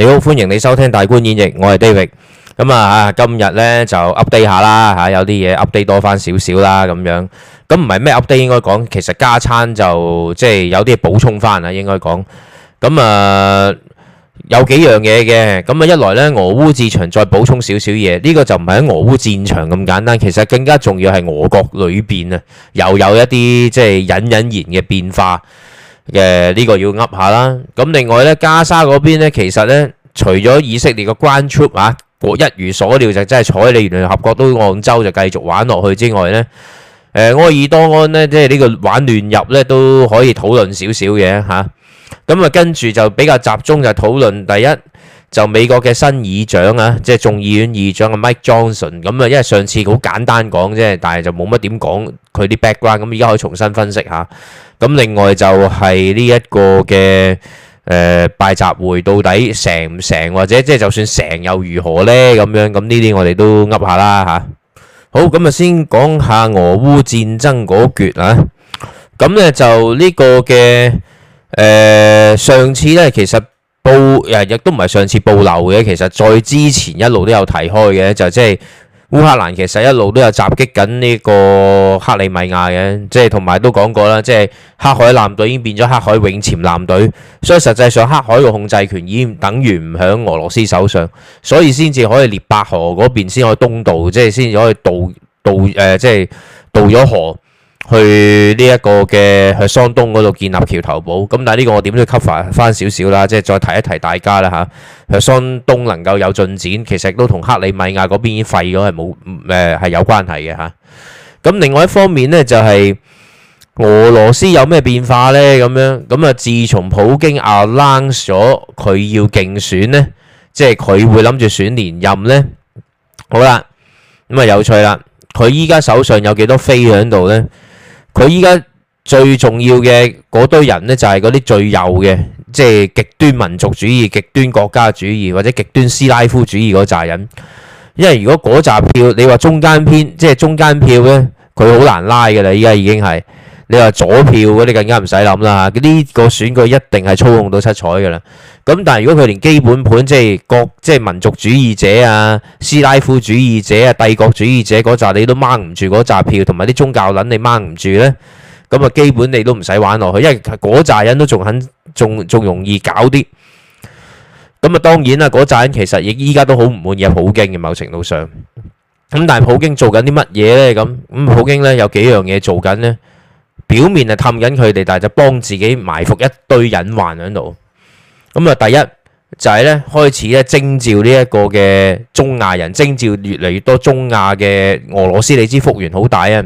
你好，歡迎你收聽大觀演繹，我係 David，咁啊吓，今日呢就 update 下啦吓，有啲嘢 update 多翻少少啦咁樣，咁唔係咩 update 應該講，其實加餐就即係有啲嘢補充翻啦應該講，咁啊有幾樣嘢嘅，咁啊一來呢俄烏戰場再補充少少嘢，呢個就唔係喺俄烏戰場咁簡單，其實更加重要係俄國裏邊啊，又有一啲即係隱隱然嘅變化。誒，呢個要噏下啦。咁另外咧，加沙嗰邊咧，其實咧，除咗以色列嘅關出啊，我一如所料就真係坐喺你原來合國都岸洲就繼續玩落去之外咧，誒、呃，埃爾多安咧，即係呢個玩亂入咧，都可以討論少少嘅吓，咁啊，跟住就比較集中就討論第一就美國嘅新議長啊，即係眾議院議長阿 Mike Johnson。咁啊，因為上次好簡單講啫，但係就冇乜點講佢啲 background。咁而家可以重新分析下。咁另外就係呢一個嘅誒、呃、拜習會到底成唔成？或者即係、就是、就算成又如何咧咁樣，咁呢啲我哋都噏下啦嚇。好，咁啊先講下俄烏戰爭嗰橛啊。咁咧就呢個嘅誒、呃、上次咧，其實報誒亦都唔係上次報漏嘅，其實再之前一路都有提開嘅，就即係。烏克蘭其實一路都有襲擊緊呢個克里米亞嘅，即係同埋都講過啦，即係黑海艦隊已經變咗黑海永潛艦隊，所以實際上黑海嘅控制權已經等於唔喺俄羅斯手上，所以先至可以列巴河嗰邊先可以東渡，即係先至可以渡渡誒、呃，即係渡咗河。去呢一個嘅喺桑東嗰度建立橋頭堡，咁但係呢個我點都要 cover 翻少少啦，即係再提一提大家啦吓。喺桑東能夠有進展，其實都同克里米亞嗰邊廢咗係冇誒係有關係嘅吓。咁、啊、另外一方面呢，就係、是、俄羅斯有咩變化呢？咁樣，咁啊自從普京 announce 咗佢要競選呢，即係佢會諗住選連任呢。好啦，咁啊有趣啦，佢依家手上有幾多飛喺度呢？佢依家最重要嘅嗰堆人呢，就係嗰啲最右嘅，即係極端民族主義、極端國家主義或者極端斯拉夫主義嗰扎人。因為如果嗰紮票，你話中間偏，即係中間票呢，佢好難拉噶啦。依家已經係。你話左票嗰啲更加唔使諗啦。呢個選舉一定係操控到七彩㗎啦。咁但係如果佢連基本盤，即係國即係民族主義者啊、斯拉夫主義者啊、帝國主義者嗰扎，你都掹唔住嗰扎票，同埋啲宗教撚你掹唔住咧，咁啊，基本你都唔使玩落去，因為嗰扎人都仲肯仲仲容易搞啲。咁啊，當然啦，嗰扎人其實亦依家都好唔滿意普京嘅某程度上。咁但係普京做緊啲乜嘢咧？咁咁普京咧有幾樣嘢做緊咧？表面係氹緊佢哋，但係就幫自己埋伏一堆隱患喺度。咁、嗯、啊，第一就係、是、咧開始咧徵召呢一個嘅中亞人，徵召越嚟越多中亞嘅俄羅斯，斯，你知復原。好大啊。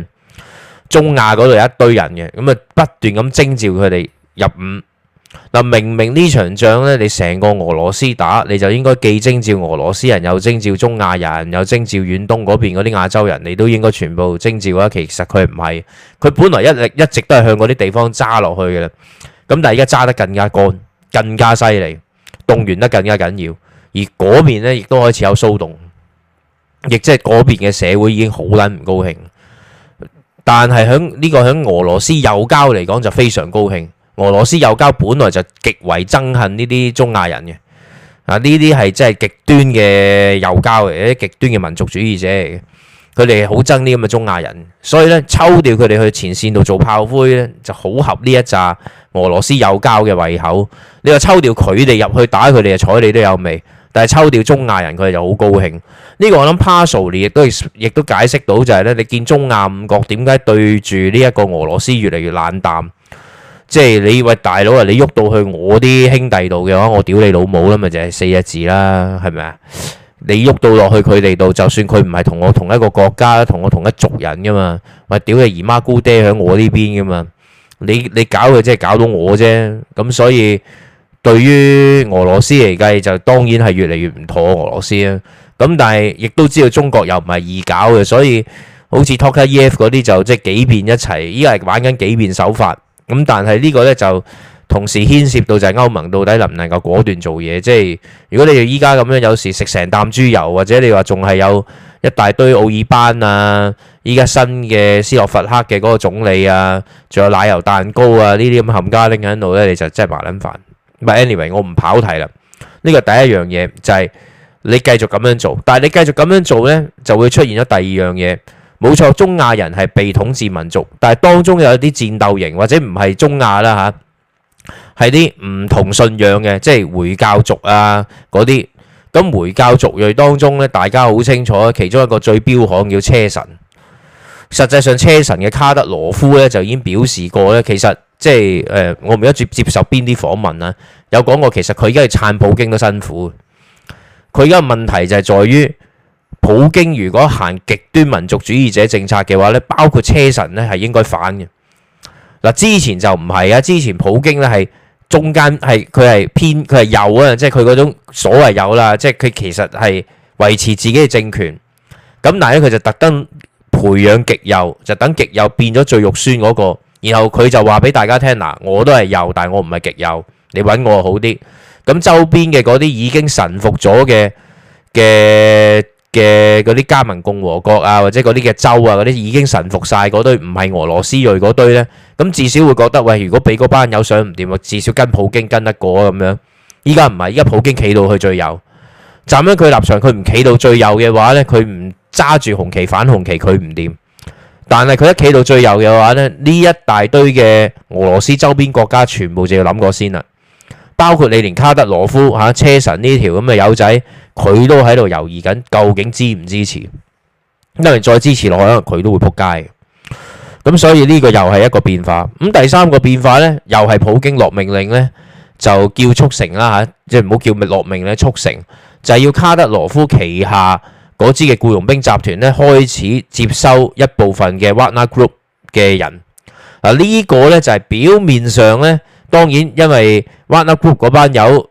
中亞嗰度有一堆人嘅，咁、嗯、啊、嗯、不斷咁徵召佢哋入伍。嗱，明明呢場仗咧，你成個俄羅斯打，你就應該既徵召俄羅斯人，又徵召中亞人，又徵召遠東嗰邊嗰啲亞洲人，你都應該全部徵召。其實佢唔係，佢本來一直一直都係向嗰啲地方揸落去嘅。咁但係而家揸得更加乾、更加犀利，動員得更加緊要。而嗰邊呢，亦都開始有騷動，亦即係嗰邊嘅社會已經好捻唔高興。但係響呢個響俄羅斯右膠嚟講就非常高興。俄羅斯右膠本來就極為憎恨呢啲中亞人嘅，啊呢啲係真係極端嘅右膠嚟，啲極端嘅民族主義者嚟嘅，佢哋好憎呢啲咁嘅中亞人，所以咧抽調佢哋去前線度做炮灰咧，就好合呢一扎俄羅斯右膠嘅胃口。你話抽調佢哋入去打佢哋，啊睬你都有味，但係抽調中亞人佢哋就好高興。呢個我諗 Pasholny 亦都亦都解釋到就係咧，你見中亞五國點解對住呢一個俄羅斯越嚟越冷淡？即係你，喂大佬啊！你喐到去我啲兄弟度嘅話，我屌你老母啦，咪就係四隻字啦，係咪啊？你喐到落去佢哋度，就算佢唔係同我同一個國家，同我同一族人噶嘛，咪屌你姨媽姑爹喺我呢邊噶嘛？你你搞佢即係搞到我啫，咁所以對於俄羅斯嚟計就當然係越嚟越唔妥俄羅斯啦。咁但係亦都知道中國又唔係易搞嘅，所以好似 Tokayev 嗰啲就即係幾變一齊，依家係玩緊幾變手法。咁但係呢個咧就同時牽涉到就係歐盟到底能唔能夠果斷做嘢，即係如果你哋依家咁樣有時食成啖豬油，或者你話仲係有一大堆奧爾班啊，依家新嘅斯洛伐克嘅嗰個總理啊，仲有奶油蛋糕啊呢啲咁冚家拎喺度咧，你就真係麻撚煩。But，anyway，我唔跑題啦。呢個第一樣嘢就係你繼續咁樣做，但係你繼續咁樣做咧，就會出現咗第二樣嘢。冇錯，中亞人係被統治民族，但係當中又有啲戰鬥型，或者唔係中亞啦吓，係啲唔同信仰嘅，即係回教族啊嗰啲。咁回教族裔當中咧，大家好清楚，其中一個最彪悍叫車臣。實際上，車臣嘅卡德羅夫咧就已經表示過咧，其實即係誒、呃，我唔記得接接受邊啲訪問啦，有講過其實佢而家係撐普京都辛苦。佢而家問題就係在於。普京如果行極端民族主義者政策嘅話咧，包括車臣咧，係應該反嘅嗱。之前就唔係啊，之前普京咧係中間係佢係偏佢係右啊，即係佢嗰種所謂右啦，即係佢其實係維持自己嘅政權咁，但係佢就特登培養極右，就等極右變咗最肉酸嗰個，然後佢就話俾大家聽嗱，我都係右，但係我唔係極右，你揾我好啲咁。周邊嘅嗰啲已經臣服咗嘅嘅，嘅嗰啲加盟共和國啊，或者嗰啲嘅州啊，嗰啲已經臣服晒，嗰堆，唔係俄羅斯裔嗰堆呢。咁至少會覺得喂，如果俾嗰班友想唔掂啊，至少跟普京跟得過啊咁樣。依家唔係，依家普京企到去最右。站喺佢立場，佢唔企到最右嘅話呢，佢唔揸住紅旗反紅旗，佢唔掂。但係佢一企到最右嘅話呢，呢一大堆嘅俄羅斯周邊國家全部就要諗過先啦。包括你連卡德羅夫嚇車臣呢條咁嘅友仔。佢都喺度猶豫緊，究竟支唔支持？因為再支持落去，可能佢都會撲街嘅。咁所以呢個又係一個變化。咁第三個變化呢，又係普京落命令呢，就叫速成啦嚇，即係唔好叫落命咧，速成就係、是、要卡德羅夫旗下嗰支嘅僱傭兵集團呢，開始接收一部分嘅 Wagner Group 嘅人。嗱、啊、呢、這個呢，就係、是、表面上呢，當然因為 Wagner Group 嗰班友。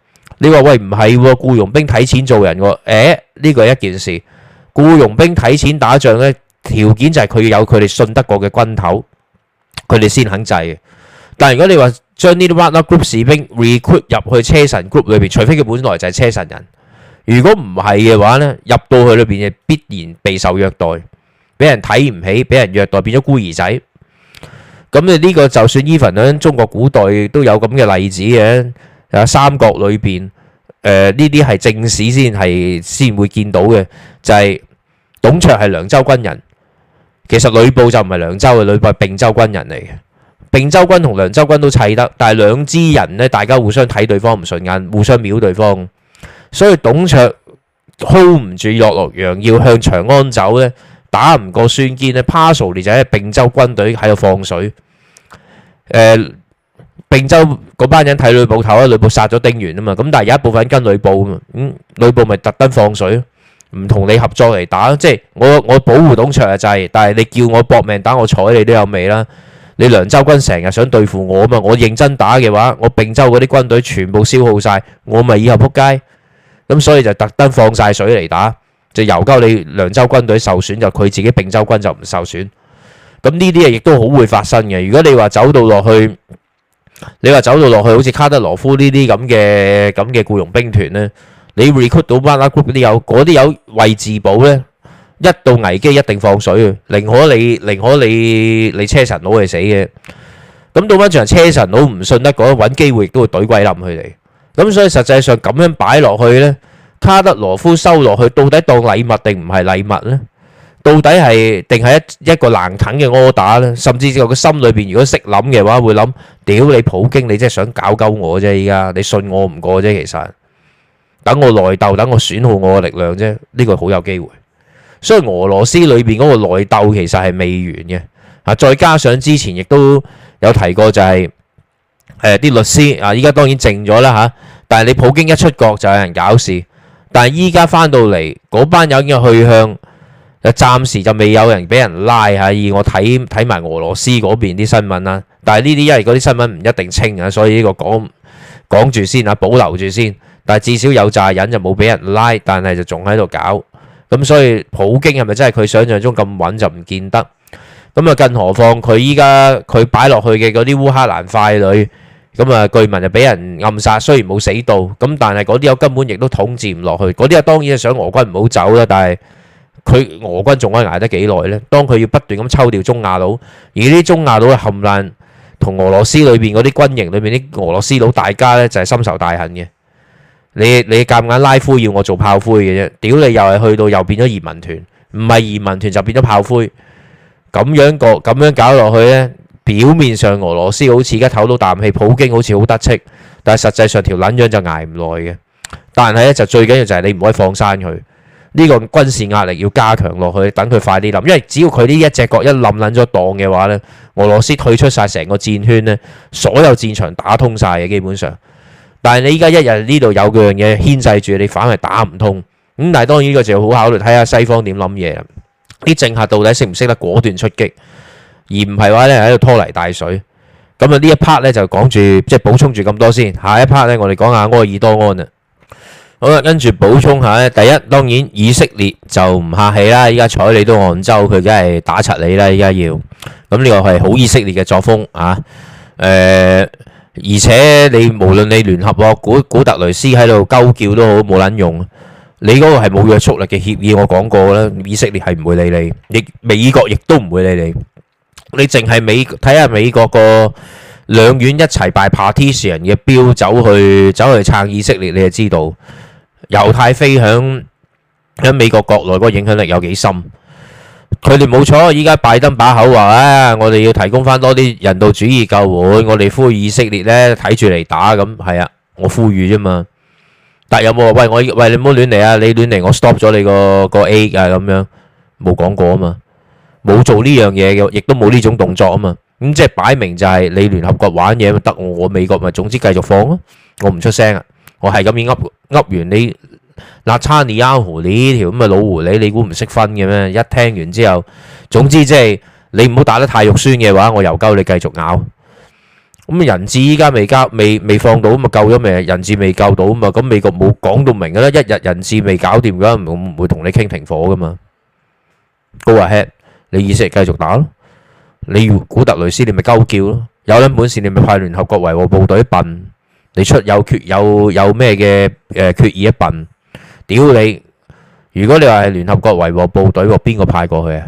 你話喂唔係喎，僱傭兵睇錢做人喎，誒呢個係一件事。僱傭兵睇錢打仗咧，條件就係佢要有佢哋信得過嘅軍頭，佢哋先肯制。但如果你話將呢啲 Wagner 士兵 recruit 入去車臣 group 裏邊，除非佢本來就係車臣人，如果唔係嘅話咧，入到去裏邊嘅必然備受虐待，俾人睇唔起，俾人虐待變咗孤兒仔。咁你呢個就算 even 響中國古代都有咁嘅例子嘅。啊，三國裏邊，誒呢啲係正史先係先會見到嘅，就係董卓係涼州軍人，其實呂布就唔係涼州嘅，呂布係並州軍人嚟嘅。並州軍同涼州軍都砌得，但係兩支人咧，大家互相睇對方唔順眼，互相瞄對方，所以董卓 hold 唔住落洛陽，要向長安走咧，打唔過孫堅咧，pass 掉你就係並州軍隊喺度放水，誒。並州嗰班人睇呂布頭啊，呂布殺咗丁原啊嘛，咁但係有一部分跟呂布啊嘛，咁呂布咪特登放水，唔同你合作嚟打，即係我我保護董卓就係，但係你叫我搏命打我，睬你都有味啦。你涼州軍成日想對付我啊嘛，我認真打嘅話，我並州嗰啲軍隊全部消耗晒，我咪以後撲街咁，所以就特登放晒水嚟打，就由鳩你涼州軍隊受損，就佢自己並州軍就唔受損。咁呢啲嘢亦都好會發生嘅。如果你話走到落去，你話走到落去，好似卡德羅夫呢啲咁嘅咁嘅僱傭兵團咧，你 recruit 到 One Up Group 嗰啲友，嗰啲友為自保咧，一到危機一定放水，寧可你寧可你你車臣佬係死嘅。咁到翻場車臣佬唔信得過，搵機會亦都會懟鬼冧佢哋。咁所以實際上咁樣擺落去咧，卡德羅夫收落去到底當禮物定唔係禮物咧？到底係定係一一個難啃嘅柯打咧？甚至個心裏邊，如果識諗嘅話，會諗，屌你普京，你真係想搞鳩我啫？依家你信我唔過啫，其實等我內鬥，等我損耗我嘅力量啫。呢個好有機會，所以俄羅斯裏邊嗰個內鬥其實係未完嘅。啊，再加上之前亦都有提過，就係誒啲律師啊，依家當然靜咗啦吓。但係你普京一出國就有人搞事，但係依家翻到嚟嗰班友嘅去向。暫時就未有人俾人拉吓，以我睇睇埋俄羅斯嗰邊啲新聞啦。但係呢啲因為嗰啲新聞唔一定清啊，所以呢個講講住先啊，保留住先。但係至少有紮人就冇俾人拉，但係就仲喺度搞。咁所以普京係咪真係佢想象中咁穩就唔見得？咁啊，更何況佢依家佢擺落去嘅嗰啲烏克蘭傀儡，咁啊據聞就俾人暗殺，雖然冇死到，咁但係嗰啲有根本亦都統治唔落去。嗰啲啊當然係想俄軍唔好走啦，但係。佢俄軍仲可以捱得幾耐咧？當佢要不斷咁抽調中亞佬，而啲中亞佬嘅冚爛同俄羅斯裏邊嗰啲軍營裏邊啲俄羅斯佬，大家咧就係深仇大恨嘅。你你夾硬拉夫要我做炮灰嘅啫，屌你又係去到又變咗移民團，唔係移民團就變咗炮灰。咁樣個咁樣搞落去咧，表面上俄羅斯好似而家唞到啖氣，普京好似好得戚，但係實際上條撚樣就捱唔耐嘅。但係咧就最緊要就係你唔可以放生佢。呢個軍事壓力要加強落去，等佢快啲冧，因為只要佢呢一隻角一冧撚咗檔嘅話呢，俄羅斯退出晒成個戰圈呢，所有戰場打通晒嘅基本上。但係你依家一日呢度有個樣嘢牽制住，你反而打唔通。咁但係當然呢個就要好考慮，睇下西方點諗嘢，啲政客到底識唔識得果斷出擊，而唔係話呢喺度拖泥帶水。咁啊呢一 part 呢，就講住即係補充住咁多先，下一 part 呢，我哋講下埃爾多安啊。好啦，跟住補充下咧，第一當然以色列就唔客氣啦，依家睬你都澳洲，佢梗係打柒你啦，依家要咁呢個係好以色列嘅作風啊！誒，而且你無論你聯合國古古特雷斯喺度鳩叫都好，冇撚用，你嗰個係冇約束力嘅協議，我講過啦，以色列係唔會理你，亦美國亦都唔會理你，你淨係美睇下美國個兩院一齊 bipartisan 嘅標走去走去撐以色列，你就知道。猶太飛響響美國國內嗰個影響力有幾深？佢哋冇錯，依家拜登把口話咧、啊，我哋要提供翻多啲人道主義救援，我哋呼籲以色列咧睇住嚟打咁，係啊，我呼籲啫嘛。但有冇話喂我？喂你唔好亂嚟啊！你亂嚟，我 stop 咗你個、嗰個 A 啊咁樣，冇講過啊嘛，冇做呢樣嘢嘅，亦都冇呢種動作啊嘛。咁、嗯、即係擺明就係、是、你聯合國玩嘢得，我美國咪總之繼續放咯，我唔出聲啊。我係咁樣噏噏完你那差尼亞湖呢條咁嘅老狐狸，你估唔識分嘅咩？一聽完之後，總之即係你唔好打得太肉酸嘅話，我又鳩你繼續咬。咁人質依家未交，未未放到咁啊，救咗未？人質未救到咁啊，咁美國冇講到明㗎啦，一日人質未搞掂嘅，我唔會同你傾停火㗎嘛。Go ahead，你意思係繼續打咯？你要古特雷斯，你咪鳩叫咯。有撚本事你咪派聯合國維和部隊笨。你出有決有有咩嘅誒決議一笨屌你！如果你話係聯合國維和部隊喎，邊個派過去啊？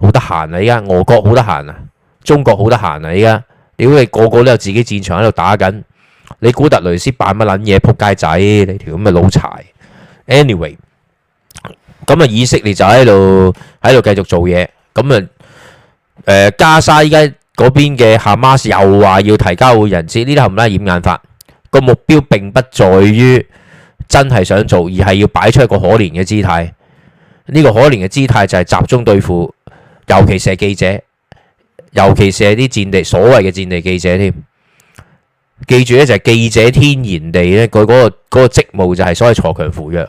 好得閒啊！依家俄國好得閒啊，中國好得閒啊！依家屌你個個都有自己戰場喺度打緊，你古特雷斯扮乜撚嘢撲街仔？你條咁嘅老柴。Anyway，咁啊，以色列就喺度喺度繼續做嘢，咁啊誒加沙依家。嗰邊嘅哈馬斯又話要提交嘅人質，呢啲冚唥掩眼法，個目標並不在於真係想做，而係要擺出一個可憐嘅姿態。呢、呢個可憐嘅姿態就係集中對付，尤其是記者，尤其是係啲戰地所謂嘅戰地記者添。記住咧，就係記者天然地咧，佢嗰個嗰個職務就係所謂鋤強扶弱。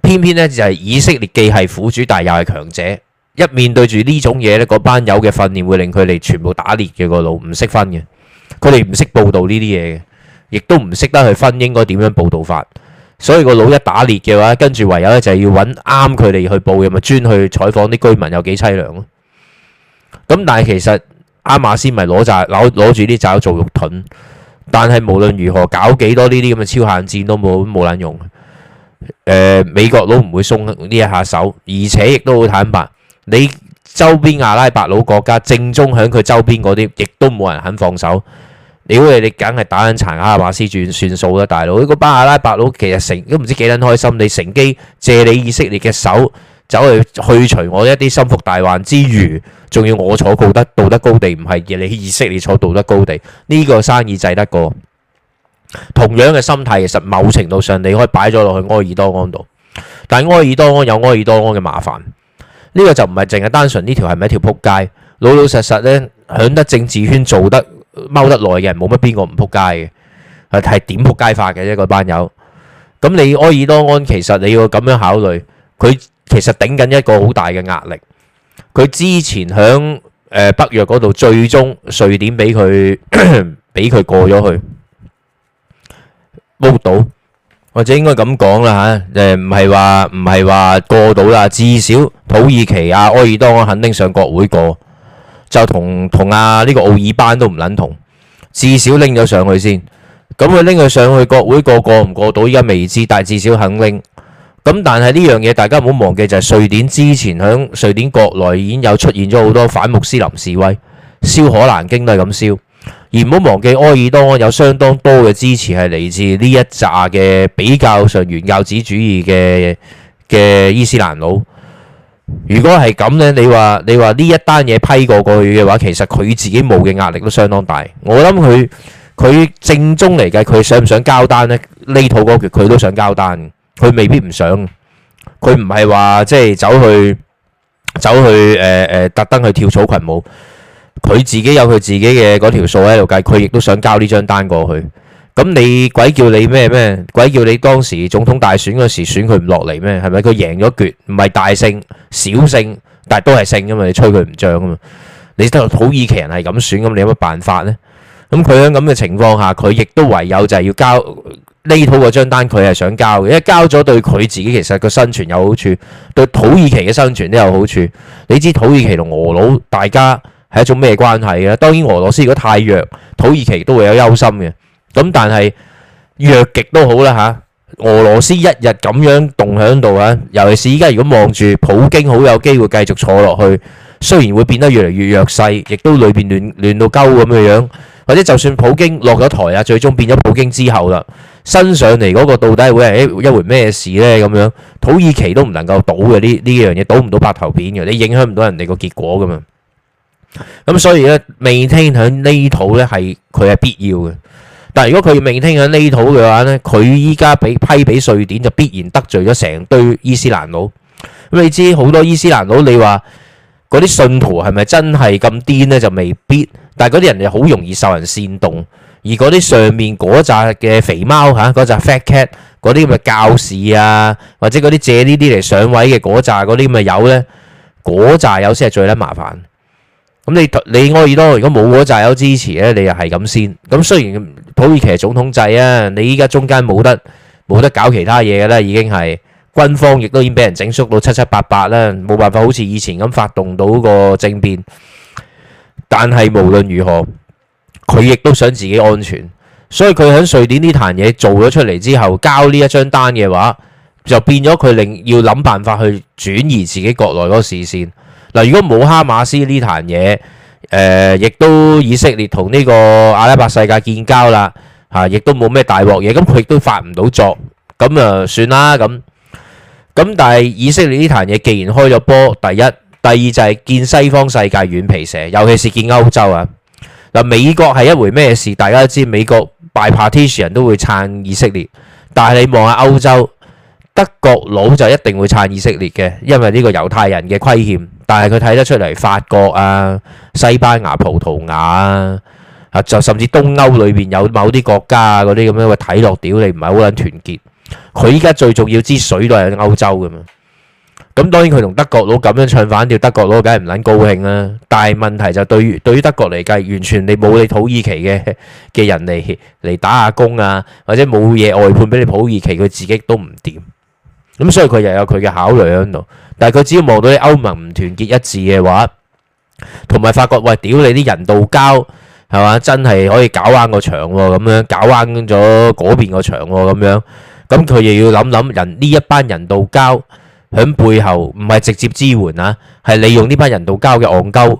偏偏咧就係以色列既係苦主，但又係強者。一面對住呢種嘢呢，嗰班友嘅訓練會令佢哋全部打裂嘅個腦，唔識分嘅。佢哋唔識報道呢啲嘢，嘅，亦都唔識得去分應該點樣報道法。所以個腦一打裂嘅話，跟住唯有咧就係要揾啱佢哋去報嘅，咪專去採訪啲居民有幾凄涼咯。咁但係其實阿馬斯咪攞扎攞攞住啲爪做肉盾，但係無論如何搞幾多呢啲咁嘅超限戰都冇都冇撚用。誒、呃，美國佬唔會鬆呢一下手，而且亦都好坦白。.你周邊阿拉伯佬國家正宗喺佢周邊嗰啲，亦都冇人肯放手。屌你、嗯，你梗係打緊殘哈馬斯轉算數啦，大佬！呢班阿拉伯佬其實成都唔知幾撚開心。你乘機借你以色列嘅手走去去除我一啲心腹大患之餘，仲要我坐道德道德高地，唔係而你以色列坐道德高地，呢個生意制得過。同樣嘅心態，其實某程度上你可以擺咗落去埃爾多安度，但埃爾多安有埃爾多安嘅麻煩。呢個就唔係淨係單純呢條係咪一條扑街？老老實實呢，響得政治圈做得踎得耐嘅人，冇乜邊個唔扑街嘅，係點扑街法嘅一個班友。咁你埃爾多安其實你要咁樣考慮，佢其實頂緊一個好大嘅壓力。佢之前響北約嗰度，最終瑞典俾佢俾佢過咗去，烏到。或者應該咁講啦吓，誒，唔係話唔係話過到啦，至少土耳其啊、埃爾多安肯拎上國會過，就同同阿呢個奧爾班都唔捻同，至少拎咗上去先。咁佢拎佢上去國會過，過唔過到依家未知，但係至少肯拎。咁但係呢樣嘢，大家唔好忘記，就係瑞典之前響瑞典國內已經有出現咗好多反穆斯林示威，燒可蘭經都係咁燒。而唔好忘記，埃爾多安有相當多嘅支持係嚟自呢一扎嘅比較上原教旨主義嘅嘅伊斯蘭佬。如果係咁呢，你話你話呢一單嘢批過過去嘅話，其實佢自己冇嘅壓力都相當大。我諗佢佢正宗嚟計，佢想唔想交單呢？呢套嗰橛，佢都想交單，佢未必唔想。佢唔係話即係走去走去誒誒、呃呃，特登去跳草裙舞。佢自己有佢自己嘅嗰條數喺度計，佢亦都想交呢張單過去。咁你鬼叫你咩咩？鬼叫你當時總統大選嗰時選佢唔落嚟咩？係咪佢贏咗一撅，唔係大勝小勝，但係都係勝噶嘛？你吹佢唔漲啊嘛？你得土耳其人係咁選咁，你有乜辦法呢？咁佢喺咁嘅情況下，佢亦都唯有就係要交呢套嗰張單，佢係想交嘅，一交咗對佢自己其實個生存有好處，對土耳其嘅生存都有好處。你知土耳其同俄佬大家？係一種咩關係咧？當然，俄羅斯如果太弱，土耳其都會有憂心嘅。咁但係弱極都好啦嚇。俄羅斯一日咁樣動喺度啊，尤其是依家如果望住普京，好有機會繼續坐落去。雖然會變得越嚟越弱勢，亦都裏邊亂亂到鳩咁嘅樣。或者就算普京落咗台啊，最終變咗普京之後啦，身上嚟嗰個到底會係一回咩事呢？咁樣土耳其都唔能夠倒嘅呢呢樣嘢，倒唔到白頭片嘅，你影響唔到人哋個結果噶嘛。咁所以咧，未聽響呢套咧係佢係必要嘅。但係如果佢未聽響呢套嘅話咧，佢依家俾批俾瑞典就必然得罪咗成堆伊斯蘭佬。咁你知好多伊斯蘭佬，你話嗰啲信徒係咪真係咁癲咧？就未必。但係嗰啲人就好容易受人煽動，而嗰啲上面嗰扎嘅肥貓吓嗰扎 fat cat 嗰啲咁嘅教士啊，或者嗰啲借呢啲嚟上位嘅嗰扎嗰啲咁嘅友咧，嗰扎友先係最撚麻煩。咁你你，埃爾多如果冇嗰扎有支持咧，你又係咁先。咁雖然土耳其總統制啊，你依家中間冇得冇得搞其他嘢嘅啦，已經係軍方亦都已經俾人整縮到七七八八啦，冇辦法好似以前咁發動到個政變。但係無論如何，佢亦都想自己安全，所以佢喺瑞典呢壇嘢做咗出嚟之後，交呢一張單嘅話，就變咗佢令要諗辦法去轉移自己國內嗰個視線。嗱，如果冇哈馬斯呢壇嘢，誒、呃，亦都以色列同呢個阿拉伯世界建交啦，嚇、啊，亦都冇咩大鑊嘢，咁佢亦都發唔到作，咁啊算啦咁。咁但係以色列呢壇嘢既然開咗波，第一，第二就係見西方世界軟皮蛇，尤其是見歐洲啊嗱。美國係一回咩事，大家都知美國拜 partition 都會撐以色列，但係你望下歐洲，德國佬就一定會撐以色列嘅，因為呢個猶太人嘅虧欠。但係佢睇得出嚟，法國啊、西班牙、葡萄牙啊，啊就、啊啊、甚至東歐裏邊有某啲國家啊，嗰啲咁樣嘅睇落，屌你唔係好撚團結。佢依家最重要支水都係歐洲㗎嘛。咁當然佢同德國佬咁樣唱反調，德國佬梗係唔撚高興啦、啊。但係問題就對於對於德國嚟計，完全你冇你土耳其嘅嘅人嚟嚟打下工啊，或者冇嘢外判俾你土耳其，佢自己都唔掂。咁所以佢又有佢嘅考慮喺度，但係佢只要望到啲歐盟唔團結一致嘅話，同埋發覺喂，屌你啲人道膠係嘛，真係可以搞彎個場喎，咁樣搞彎咗嗰邊個場喎，咁樣，咁佢又要諗諗人呢一班人道膠喺背後唔係直接支援啊，係利用呢班人道膠嘅戇鳩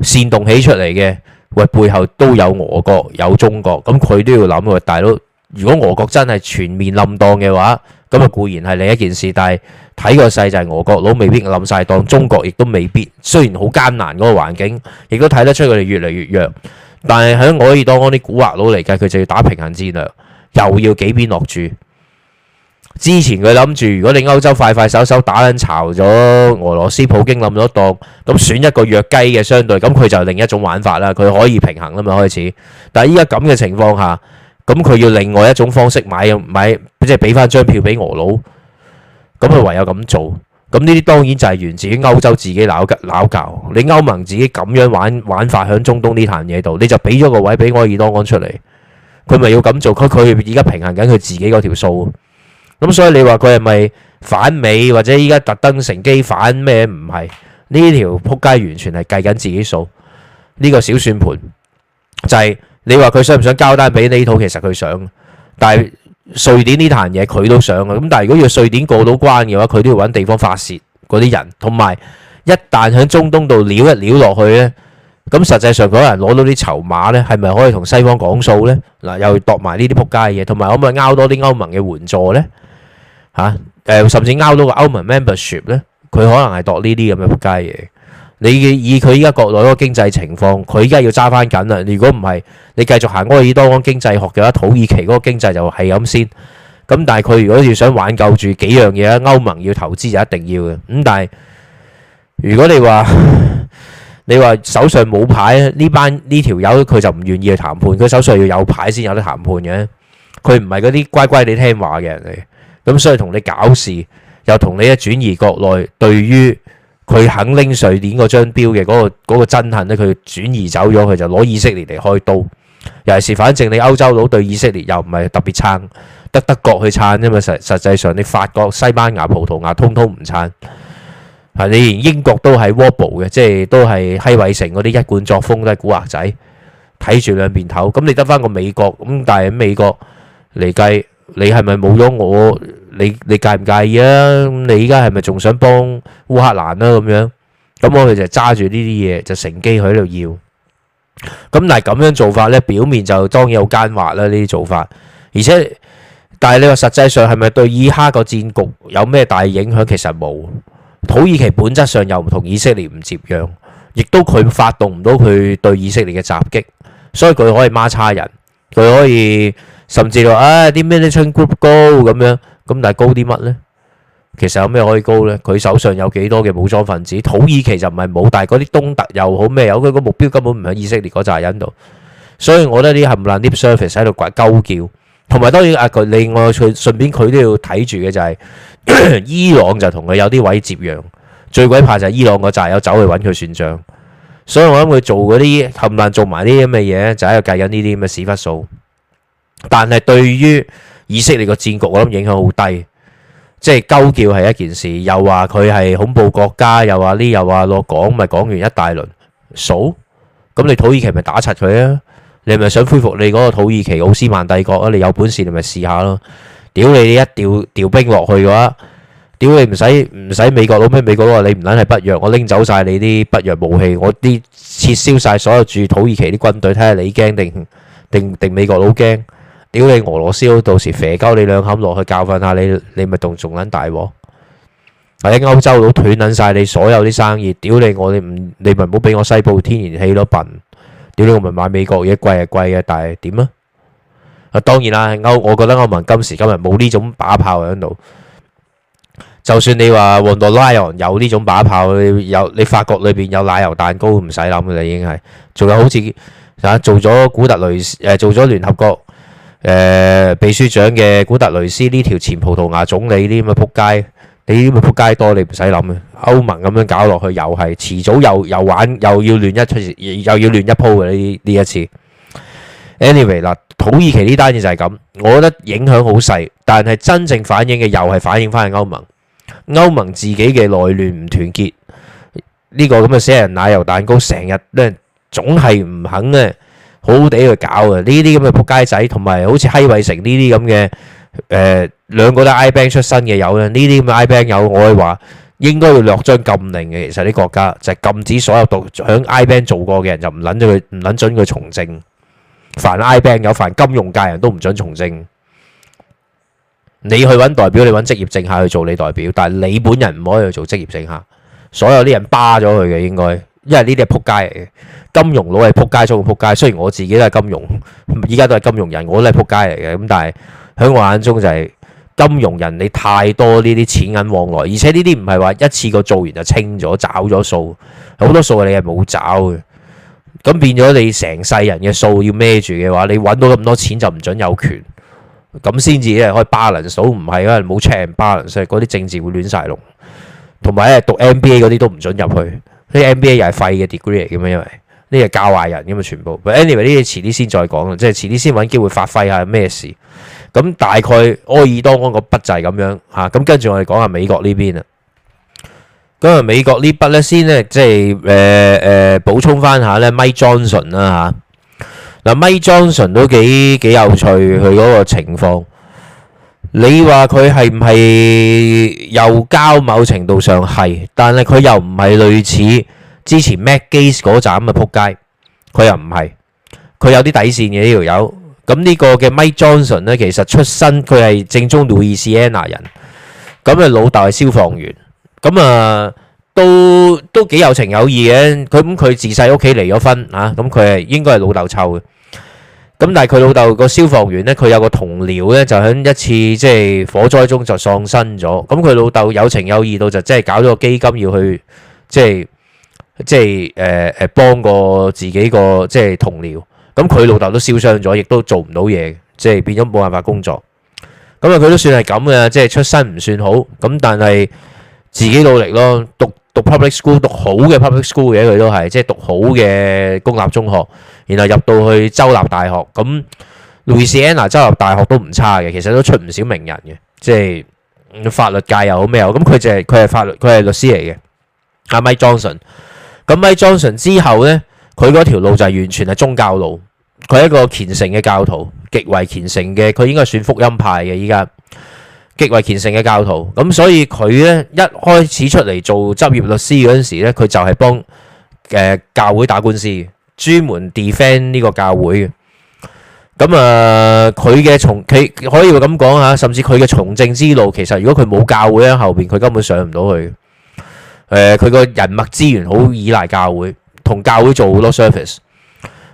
煽動起出嚟嘅，喂，背後都有俄國有中國，咁佢都要諗喂，大佬，如果俄國真係全面冧檔嘅話，咁固然係另一件事，但係睇個勢就係俄國佬未必冧晒檔，中國亦都未必。雖然好艱難嗰個環境，亦都睇得出佢哋越嚟越弱。但係喺我可以當啲古惑佬嚟計，佢就要打平衡戰略，又要幾邊落注。之前佢諗住，如果你歐洲快快手手打緊巢咗俄羅斯，普京冧咗檔咁選一個弱雞嘅相對，咁佢就另一種玩法啦。佢可以平衡吖嘛，開始。但係依家咁嘅情況下。咁佢要另外一種方式買啊買，即係俾翻張票俾俄佬。咁佢唯有咁做。咁呢啲當然就係源自於歐洲自己鬧交鬧交。你歐盟自己咁樣玩玩法喺中東呢壇嘢度，你就俾咗個位俾埃爾多安出嚟。佢咪要咁做？佢佢而家平衡緊佢自己嗰條數。咁所以你話佢係咪反美或者依家特登乘機反咩？唔係呢條仆街完全係計緊自己數。呢個小算盤就係。你話佢想唔想交單俾你套？其實佢想，但係瑞典呢壇嘢佢都想啊。咁但係如果要瑞典過到關嘅話，佢都要揾地方發泄嗰啲人，同埋一旦喺中東度撩一撩落去呢，咁實際上嗰人攞到啲籌碼是是呢，係咪可以同西方講數呢？嗱，又要度埋呢啲仆街嘢，同埋可唔可以撓多啲歐盟嘅援助呢？嚇，誒，甚至撓到個歐盟 membership 咧，佢可能係度呢啲咁嘅仆街嘢。你以佢依家國內嗰個經濟情況，佢依家要揸翻緊啦。如果唔係，你繼續行埃爾多安經濟學嘅話，土耳其嗰個經濟就係咁先。咁但係佢如果要想挽救住幾樣嘢咧，歐盟要投資就一定要嘅。咁但係如果你話你話手上冇牌呢班呢條友，佢就唔願意去談判。佢手上要有牌先有得談判嘅。佢唔係嗰啲乖乖地聽話嘅人嚟，咁所以同你搞事又同你一轉移國內對於。佢肯拎瑞典嗰張標嘅嗰、個嗰個憎恨咧，佢轉移走咗，佢就攞以色列嚟開刀。尤其是反正你歐洲佬對以色列又唔係特別撐，得德國去撐啫嘛。實實際上你法國、西班牙、葡萄牙通通唔撐。啊，你連英國都係鍋暴嘅，即係都係希偉城嗰啲一貫作風都係古惑仔，睇住兩邊頭。咁你得翻個美國咁，但係喺美國嚟計，你係咪冇咗我？你你介唔介意啊？咁你依家係咪仲想幫烏克蘭啊？咁樣咁我哋就揸住呢啲嘢，就乘機喺度要咁。但係咁樣做法呢，表面就當然好奸猾啦。呢啲做法，而且但係你話實際上係咪對以哈個戰局有咩大影響？其實冇，土耳其本質上又唔同，以色列唔接壤，亦都佢發動唔到佢對以色列嘅襲擊，所以佢可以孖叉人，佢可以甚至話啊啲咩 The Trump Group 高咁樣。咁但係高啲乜呢？其實有咩可以高呢？佢手上有幾多嘅武裝分子？土耳其就唔係冇，但係嗰啲東突又好咩有？佢個目標根本唔喺以色列嗰扎人度，所以我覺得啲冚唪唥啲 surface 喺度鳩叫，同埋當然啊佢另外佢順便佢都要睇住嘅就係、是、 伊朗就同佢有啲位接壤，最鬼怕就係伊朗個債友走去揾佢算賬，所以我諗佢做嗰啲冚唪唥做埋啲咁嘅嘢，就喺度計緊呢啲咁嘅屎忽數。但係對於以色列個戰局我諗影響好低，即係鳩叫係一件事，又話佢係恐怖國家，又話呢，又話落港咪講完一大輪數，咁你土耳其咪打柒佢啊？你係咪想恢復你嗰個土耳其奧斯曼帝國啊？你有本事你咪試下咯！屌你一調調兵落去嘅話，屌你唔使唔使美國佬咩？美國佬話你唔撚係北約，我拎走晒你啲北約武器，我啲撤銷晒所有駐土耳其啲軍隊，睇下你驚定定定美國佬驚？屌你俄羅斯，到時肥鳩你兩口落去教訓下你，你咪動仲捻大鑊，或者歐洲佬斷捻晒你所有啲生意。屌你我哋唔你咪唔好俾我西部天然氣咯笨。屌你我咪買美國嘢，貴係貴嘅，但係點啊？啊當然啦，歐我覺得歐盟今時今日冇呢種把炮響度，就算你話王道拉有有呢種把炮，有你法國裏邊有奶油蛋糕唔使諗噶啦，已經係仲有好似啊做咗古特雷斯誒，做咗聯合國。誒秘書長嘅古特雷斯呢條前葡萄牙總理啲咁嘅撲街，你啲咁嘅撲街多，你唔使諗嘅。歐盟咁樣搞落去，又係遲早又又玩又要亂一出事，又要亂一鋪嘅呢呢一次。Anyway 嗱，土耳其呢單嘢就係咁，我覺得影響好細，但係真正反映嘅又係反映翻去歐盟，歐盟自己嘅內亂唔團結，呢個咁嘅死人奶油蛋糕，成日咧總係唔肯呢。好好地去搞啊！呢啲咁嘅撲街仔，同埋好似希偉城呢啲咁嘅誒兩個都 I bank 出身嘅友咧，呢啲咁嘅 I bank 友，我係話應該要落張禁令嘅。其實啲國家就係禁止所有讀響 I bank 做過嘅人，就唔撚咗佢，唔撚准佢從政。凡 I bank 友，凡金融界人都唔准從政。你去揾代表，你揾職業政客去做你代表，但係你本人唔可以去做職業政客。所有啲人巴咗佢嘅應該。因為呢啲係撲街嚟嘅，金融佬係撲街中嘅撲街。雖然我自己都係金融，依家都係金融人，我都係撲街嚟嘅。咁但係喺我眼中就係金融人，你太多呢啲錢銀往來，而且呢啲唔係話一次過做完就清咗，找咗數好多數，你係冇找嘅。咁變咗你成世人嘅數要孭住嘅話，你揾到咁多錢就唔準有權咁先至咧可以 balance 數，唔係因為冇 check and balance，嗰啲政治會亂曬龍。同埋咧讀 MBA 嗰啲都唔準入去。呢 MBA 又係廢嘅 degree 嚟嘅咩？因為呢啲教壞人咁啊，全部。But、anyway，呢啲遲啲先再講啦，即係遲啲先揾機會發揮下咩事。咁大概埃爾多安個筆就係咁樣吓，咁、啊、跟住我哋講下美國呢邊啊。咁啊，美國筆呢筆咧先咧，即係誒誒，補、呃呃、充翻下咧，Mike Johnson 啦、啊、吓。嗱、啊，Mike Johnson 都幾幾有趣，佢嗰個情況。你話佢係唔係右膠？某程度上係，但係佢又唔係類似之前 McCarthy 嗰盞嘅扑街，佢又唔係，佢有啲底綫嘅呢條友。咁、這、呢個嘅 Mike Johnson 呢，其實出身佢係正宗路易斯安娜人，咁啊老豆係消防員，咁啊都都幾有情有義嘅。佢咁佢自細屋企離咗婚啊，咁佢係應該係老豆湊嘅。咁但係佢老豆個消防員咧，佢有個同僚咧，就喺一次即係火災中就喪生咗。咁佢老豆有情有義到就即係搞咗個基金要去，即係即係誒誒幫過自己個即係同僚。咁佢老豆都燒傷咗，亦都做唔到嘢，即係變咗冇辦法工作。咁啊，佢都算係咁嘅，即係出身唔算好。咁但係自己努力咯，讀讀 public school，讀好嘅 public school 嘅，佢都係即係讀好嘅公立中學。然後入到去州立大學，咁路易 u i s 州立大學都唔差嘅，其實都出唔少名人嘅，即係法律界又好咩又好。咁佢就係佢係法律，佢係律師嚟嘅，係 Mason。咁 Mason 之後呢，佢嗰條路就完全係宗教路，佢係一個虔誠嘅教徒，極為虔誠嘅，佢應該算福音派嘅依家，極為虔誠嘅教徒。咁所以佢呢，一開始出嚟做執業律師嗰陣時咧，佢就係幫誒、呃、教會打官司。專門 defend 呢個教會嘅，咁啊，佢嘅從佢可以咁講啊，甚至佢嘅從政之路，其實如果佢冇教會喺後邊，佢根本上唔到去。誒，佢個人脈資源好依賴教會，同教會做好多 service。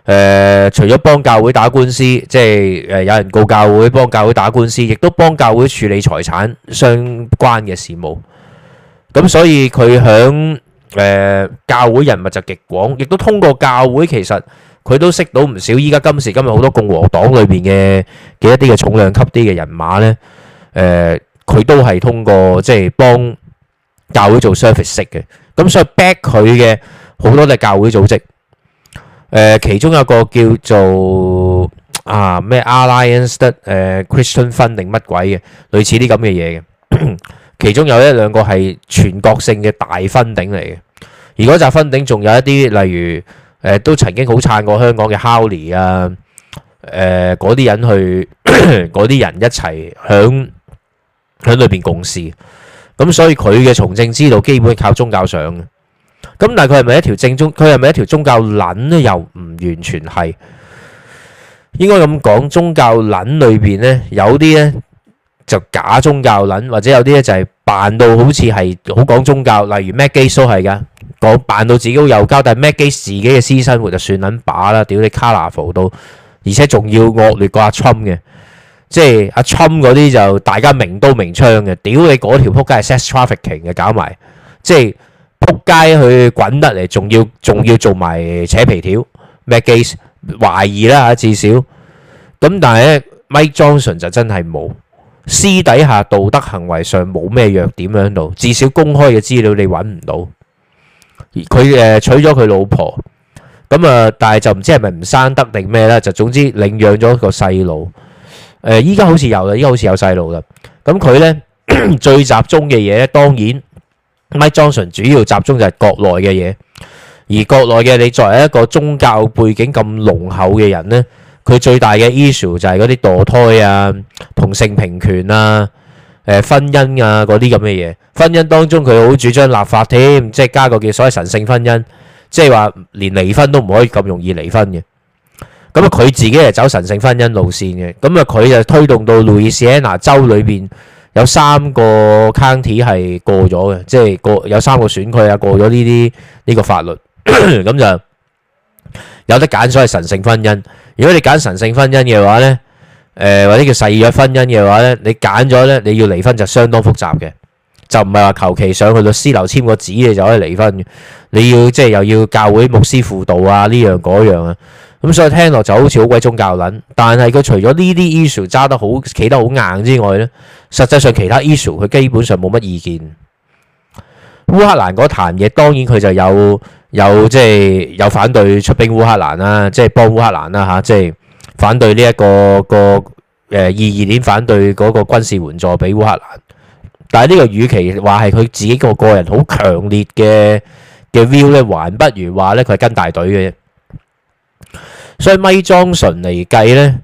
誒，除咗幫教會打官司，即係誒有人告教會，幫教會打官司，亦都幫教會處理財產相關嘅事務。咁所以佢響。誒教會人物就極廣，亦都通過教會，其實佢都識到唔少。依家今時今日好多共和黨裏邊嘅嘅一啲嘅重量級啲嘅人馬咧，誒佢都係通過即係幫教會做 service 識嘅，咁所以 back 佢嘅好多嘅教會組織，誒其中有一個叫做啊咩 Alliance 誒 Christian Fund 定乜鬼嘅，類似啲咁嘅嘢嘅，其中有一兩個係全國性嘅大分頂嚟嘅，而嗰隻分頂仲有一啲，例如誒都曾經好撐過香港嘅 Holly 啊，誒嗰啲人去嗰啲人一齊響響裏邊共事，咁所以佢嘅從政之路基本靠宗教上嘅，咁但係佢係咪一條正宗？佢係咪一條宗教捻呢？又唔完全係，應該咁講，宗教捻裏邊呢有啲呢就假宗教捻，或者有啲呢就係。扮到好似係好講宗教，例如麥基蘇係噶講扮到自己好有教，但係麥基自己嘅私生活就算撚把啦，屌你卡啦佛都，而且仲要惡劣過阿侵嘅，即係阿侵嗰啲就大家明刀明槍嘅，屌你嗰條撲街係 sex trafficking 嘅搞埋，即係撲街去滾得嚟，仲要仲要做埋扯皮條，麥基懷疑啦嚇至少，咁但係咧 Mike Johnson 就真係冇。私底下道德行為上冇咩弱點喺度，至少公開嘅資料你揾唔到。佢誒娶咗佢老婆，咁啊，但係就唔知係咪唔生得定咩啦。就總之領養咗個細路，誒、呃，依家好似有啦，依家好似有細路啦。咁佢呢 最集中嘅嘢咧，當然，Mike Johnson 主要集中就係國內嘅嘢，而國內嘅你作為一個宗教背景咁濃厚嘅人呢。佢最大嘅 issue 就係嗰啲墮胎啊、同性平權啊、誒婚姻啊嗰啲咁嘅嘢。婚姻當中佢好主張立法添，即係加個叫所謂神聖婚姻，即係話連離婚都唔可以咁容易離婚嘅。咁啊，佢自己係走神聖婚姻路線嘅。咁啊，佢就推動到路易斯安娜州裏邊有三個 county 係過咗嘅，即係過有三個選區啊過咗呢啲呢個法律，咁 就有得揀，所謂神聖婚姻。如果你揀神聖婚姻嘅話呢誒、呃、或者叫誓約婚姻嘅話呢，你揀咗呢，你要離婚就相當複雜嘅，就唔係話求其上去律師樓簽個字你就可以離婚，你要即係又要教會牧師輔導啊，呢樣嗰樣啊，咁、嗯、所以聽落就好似好鬼宗教捻，但係佢除咗呢啲 issue 揸得好企得好硬之外呢，實際上其他 issue 佢基本上冇乜意見。烏克蘭嗰壇嘢，當然佢就有。有即係有反對出兵烏克蘭啦、啊，即、就、係、是、幫烏克蘭啦、啊、嚇，即、就、係、是、反對呢、這、一個個誒二二年反對嗰個軍事援助俾烏克蘭。但係呢個，與其話係佢自己個個人好強烈嘅嘅 view 咧，還不如話咧佢係跟大隊嘅。所以 Mike Johnson 嚟計咧，誒、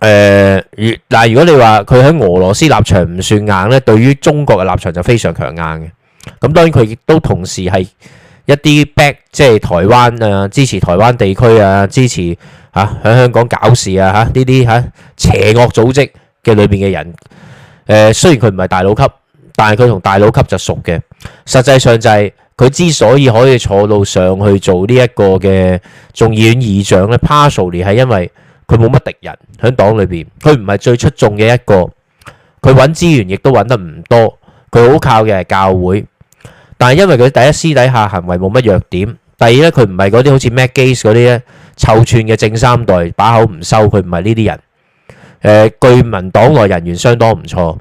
呃，但係如果你話佢喺俄羅斯立場唔算硬咧，對於中國嘅立場就非常強硬嘅。咁當然佢亦都同時係。一啲 back 即係台灣啊，支持台灣地區啊，支持嚇喺香港搞事啊，嚇呢啲嚇邪惡組織嘅裏邊嘅人，誒、呃、雖然佢唔係大佬級，但係佢同大佬級就熟嘅。實際上就係佢之所以可以坐到上去做呢一個嘅眾議院議長咧，Partially 係因為佢冇乜敵人喺黨裏邊，佢唔係最出眾嘅一個，佢揾資源亦都揾得唔多，佢好靠嘅係教會。但係因為佢第一私底下行為冇乜弱點，第二咧佢唔係嗰啲好似 Matt Gaetz 嗰啲咧臭串嘅正三代把口唔收，佢唔係呢啲人。誒、呃，據聞黨內人員相當唔錯，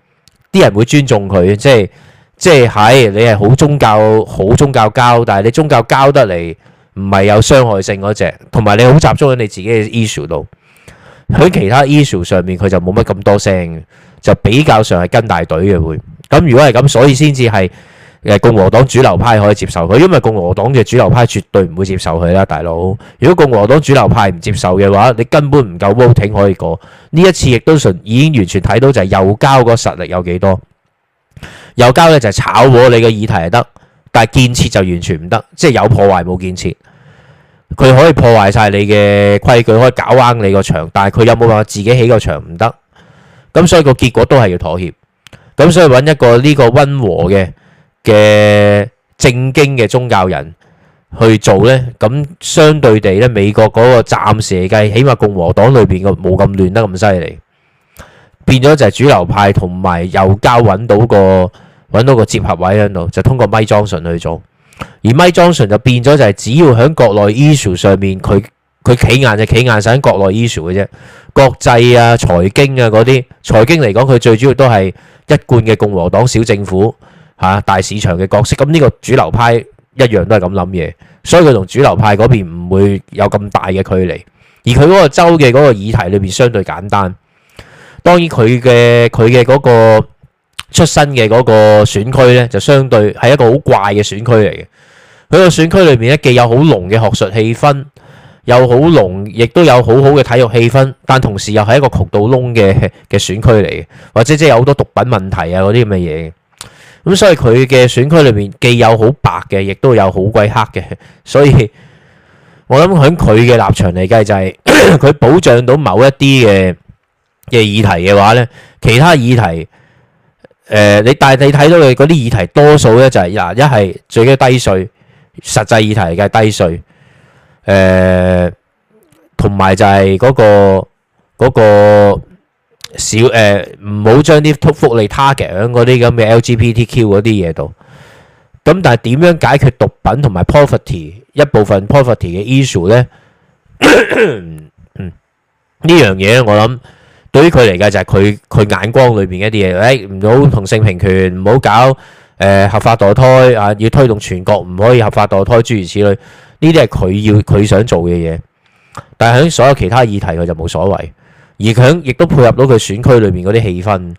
啲人會尊重佢，即係即係喺、哎、你係好宗教、好宗教交，但係你宗教交得嚟唔係有傷害性嗰隻，同埋你好集中喺你自己嘅 issue 度，喺其他 issue 上面佢就冇乜咁多聲，就比較上係跟大隊嘅會。咁如果係咁，所以先至係。共和黨主流派可以接受佢，因為共和黨嘅主流派絕對唔會接受佢啦，大佬。如果共和黨主流派唔接受嘅話，你根本唔夠 voting 可以過呢一次，亦都已經完全睇到就係右交個實力有幾多。右交呢就係炒和你嘅議題係得，但係建設就完全唔得，即係有破壞冇建設。佢可以破壞晒你嘅規矩，可以搞硬你個場，但係佢有冇辦法自己起個場唔得？咁所以個結果都係要妥協。咁所以揾一個呢個溫和嘅。嘅正經嘅宗教人去做呢，咁相對地呢，美國嗰個暫時嚟計，起碼共和黨裏邊嘅冇咁亂得咁犀利，變咗就係主流派同埋右教揾到個揾到個接合位喺度，就通過 Mike Johnson 去做。而 Mike Johnson 就變咗就係只要喺國內 issue 上面，佢佢企硬就企硬，晒喺國內 issue 嘅啫。國際啊、財經啊嗰啲財經嚟講，佢最主要都係一貫嘅共和黨小政府。嚇大市場嘅角色，咁呢個主流派一樣都係咁諗嘢，所以佢同主流派嗰邊唔會有咁大嘅距離。而佢嗰個州嘅嗰個議題裏邊相對簡單，當然佢嘅佢嘅嗰個出身嘅嗰個選區咧，就相對係一個好怪嘅選區嚟嘅。佢個選區裏面咧，既有好濃嘅學術氣氛，又好濃，亦都有好好嘅體育氣氛，但同時又係一個渠道窿嘅嘅選區嚟嘅，或者即係有好多毒品問題啊嗰啲咁嘅嘢。咁所以佢嘅選區裏面既有好白嘅，亦都有好鬼黑嘅。所以我諗喺佢嘅立場嚟計就係、是、佢 保障到某一啲嘅嘅議題嘅話呢，其他議題，誒、呃、你但係你睇到嘅嗰啲議題多數呢就係、是、嗱、啊、一係最低低稅，實際議題嚟計低稅，誒同埋就係嗰個嗰個。那個少誒，唔好將啲福利 target 響嗰啲咁嘅 LGBTQ 嗰啲嘢度。咁但係點樣解決毒品同埋 poverty 一部分 poverty 嘅 issue 咧？呢樣嘢咧，我諗對於佢嚟嘅就係佢佢眼光裏邊嘅一啲嘢。誒，唔好同性平權，唔好搞誒合法墮胎啊！要推動全國唔可以合法墮胎，諸如此類。呢啲係佢要佢想做嘅嘢，但係喺所有其他議題佢就冇所謂。而佢亦都配合到佢選區裏面嗰啲氣氛，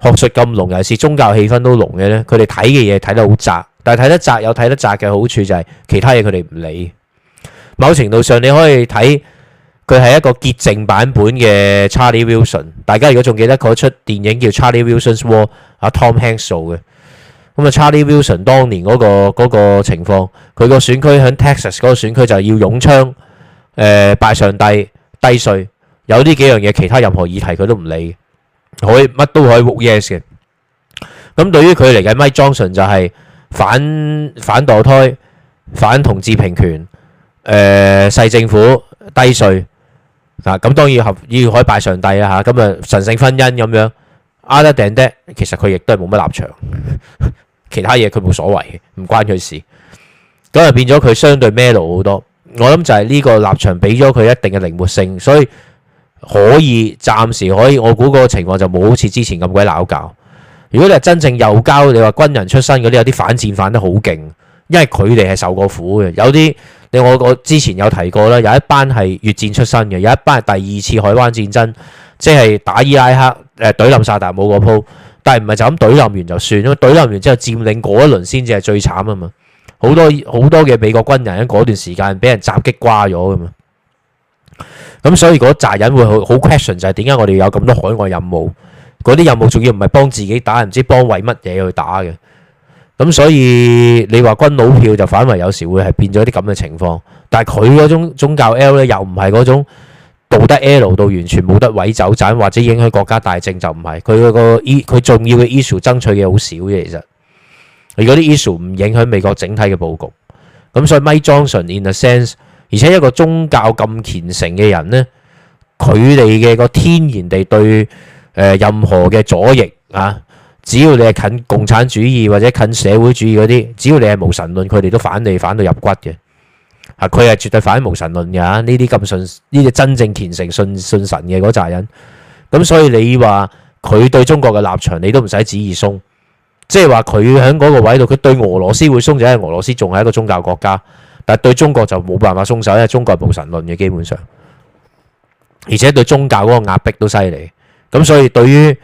學術咁濃，尤其是宗教氣氛都濃嘅呢，佢哋睇嘅嘢睇得好窄，但係睇得窄有睇得窄嘅好處就係其他嘢佢哋唔理。某程度上你可以睇佢係一個潔淨版本嘅 Charlie Wilson。大家如果仲記得嗰出電影叫 Charlie Wilson's War，阿 Tom Hanks 做嘅咁啊。Charlie Wilson 當年嗰個嗰個情況，佢個選區喺 Texas 嗰個選區就要擁槍、呃，拜上帝，低稅。有呢幾樣嘢，其他任何議題佢都唔理，可以乜都可以 vote yes 嘅。咁對於佢嚟講，Mike Johnson 就係反反墮胎、反同志平權、誒細政府、低稅嗱。咁當然合要可以拜上帝啦嚇，咁啊神聖婚姻咁樣。Other than that，其實佢亦都係冇乜立場，其他嘢佢冇所謂，唔關佢事。咁啊變咗佢相對 mellow 好多。我諗就係呢個立場俾咗佢一定嘅靈活性，所以。可以暫時可以，我估個情況就冇好似之前咁鬼鬧交。如果你係真正右膠，你話軍人出身嗰啲有啲反戰反得好勁，因為佢哋係受過苦嘅。有啲你我，我之前有提過啦，有一班係越戰出身嘅，有一班係第二次海灣戰爭，即係打伊拉克誒，隊冧薩達姆嗰鋪。但係唔係就咁隊冧完就算咯，隊冧完之後佔領嗰一輪先至係最慘啊嘛。好多好多嘅美國軍人喺嗰段時間俾人襲擊瓜咗噶嘛。咁所以嗰扎人會好好 question，就係點解我哋有咁多海外任務？嗰啲任務仲要唔係幫自己打，唔知幫為乜嘢去打嘅？咁所以你話軍佬票就反為有時會係變咗啲咁嘅情況。但係佢嗰種宗教 L 咧，又唔係嗰種道德 L 到完全冇得毀走盞或者影響國家大政，就唔係佢嗰個 E，佢重要嘅 issue 爭取嘅好少嘅其實。如果嗰啲 issue 唔影響美國整體嘅佈局，咁所以 Mike Johnson in a sense。而且一個宗教咁虔誠嘅人呢，佢哋嘅個天然地對誒任何嘅左翼啊，只要你係近共產主義或者近社會主義嗰啲，只要你係無神論，佢哋都反你反到入骨嘅。啊，佢係絕對反無神論嘅。呢啲咁信呢啲真正虔誠信信神嘅嗰扎人，咁所以你話佢對中國嘅立場，你都唔使旨意鬆，即係話佢喺嗰個位度，佢對俄羅斯會鬆，就因為俄羅斯仲係一個宗教國家。但係對中國就冇辦法鬆手，因咧，中國係冇神論嘅基本上，而且對宗教嗰個壓迫都犀利，咁所以對於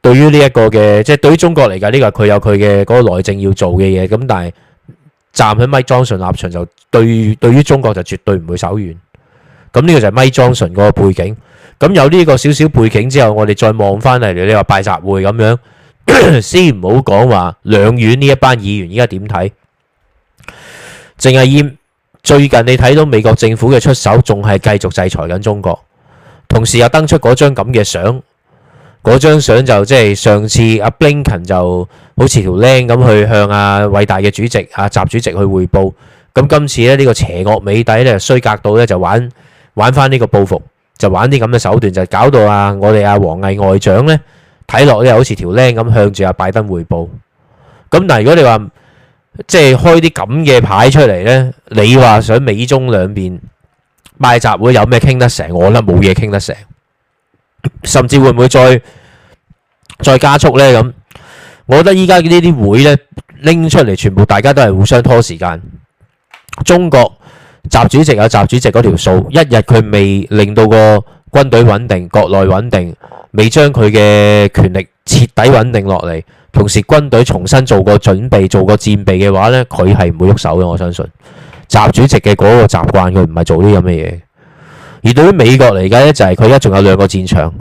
對於呢一個嘅即係對於中國嚟講，呢、這個係佢有佢嘅嗰個內政要做嘅嘢。咁但係站喺 m i k 立場就對，對於中國就絕對唔會手軟。咁呢個就係 m i k 嗰個背景。咁有呢個少少背景之後，我哋再望翻嚟你話拜集會咁樣， 先唔好講話兩院呢一班議員依家點睇，淨係最近你睇到美國政府嘅出手，仲係繼續制裁緊中國，同時又登出嗰張咁嘅相，嗰張相就即係上次阿 Blinken 就好似條僆咁去向阿偉大嘅主席阿習主席去匯報，咁今次咧，呢個邪惡美帝咧衰格到咧就玩玩翻呢個報復，就玩啲咁嘅手段，就搞到啊我哋阿王毅外長咧睇落咧好似條僆咁向住阿拜登匯報，咁但係如果你話。即係開啲咁嘅牌出嚟呢。你話想美中兩邊拜習會有咩傾得成？我覺得冇嘢傾得成，甚至會唔會再再加速呢？咁我覺得依家呢啲會咧拎出嚟，全部大家都係互相拖時間。中國習主席有習主席嗰條數，一日佢未令到個軍隊穩定、國內穩定，未將佢嘅權力徹底穩定落嚟。同時，軍隊重新做個準備，做個戰備嘅話呢，佢係唔會喐手嘅。我相信習主席嘅嗰個習慣，佢唔係做啲咁嘅嘢。而對於美國嚟講呢，就係佢一仲有兩個戰場，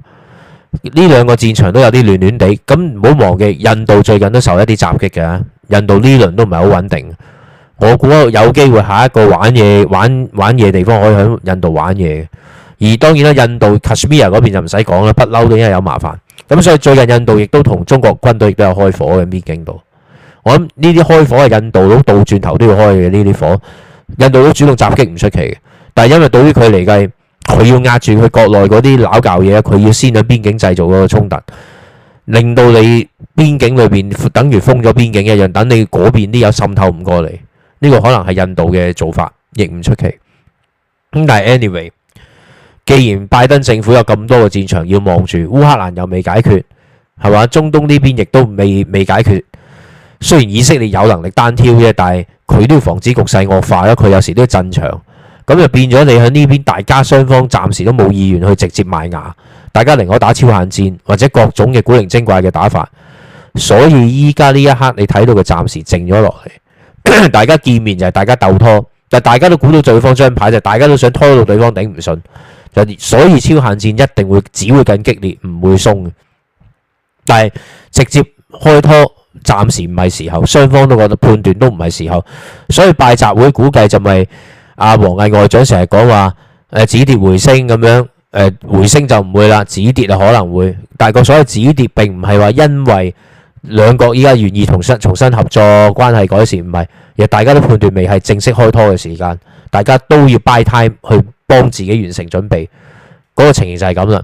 呢兩個戰場都有啲亂亂地。咁唔好忘記，印度最近都受一啲襲擊嘅，印度呢輪都唔係好穩定。我估有機會下一個玩嘢玩玩嘢地方可以喺印度玩嘢。而當然啦，印度卡斯米亞嗰邊就唔使講啦，不嬲都因為有麻煩。咁所以最近印度亦都同中國軍隊亦都有開火嘅邊境度，我諗呢啲開火係印度都倒轉頭都要開嘅呢啲火，印度都主動襲擊唔出奇嘅。但係因為對於佢嚟計，佢要壓住佢國內嗰啲鬧鬧嘢，佢要先喺邊境製造嗰個衝突，令到你邊境裏邊等於封咗邊境一樣，等你嗰邊啲有滲透唔過嚟。呢個可能係印度嘅做法，亦唔出奇。咁但係 anyway。既然拜登政府有咁多嘅戰場要望住，烏克蘭又未解決，係嘛？中東呢邊亦都未未解決。雖然以色列有能力單挑啫，但係佢都要防止局勢惡化啦，佢有時都要鎮場咁，就變咗你喺呢邊，大家雙方暫時都冇意願去直接埋牙，大家寧可打超限戰或者各種嘅古靈精怪嘅打法。所以依家呢一刻你睇到嘅暫時靜咗落嚟，大家見面就係大家鬥拖，但大家都估到對方張牌，就大家都想拖到對方頂唔順。人，所以超限戰一定會只會更激烈，唔會鬆。但係直接開拖暫時唔係時候，雙方都覺得判斷都唔係時候，所以拜習會估計就係阿王毅外長成日講話，誒，止跌回升咁樣，誒，回升就唔會啦，止跌啊可能會。但係個所謂止跌並唔係話因為兩國依家願意重新重新合作關係改善，唔係，而大家都判斷未係正式開拖嘅時間，大家都要 by time 去。幫自己完成準備，嗰、那個情形就係咁啦。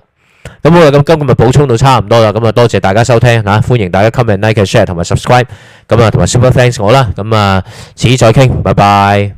咁好啦咁今日咪補充到差唔多啦。咁啊，多謝大家收聽嚇、啊，歡迎大家 comment、like、share 同埋 subscribe。咁啊，同埋 super thanks 我啦。咁啊，遲啲再傾，拜拜。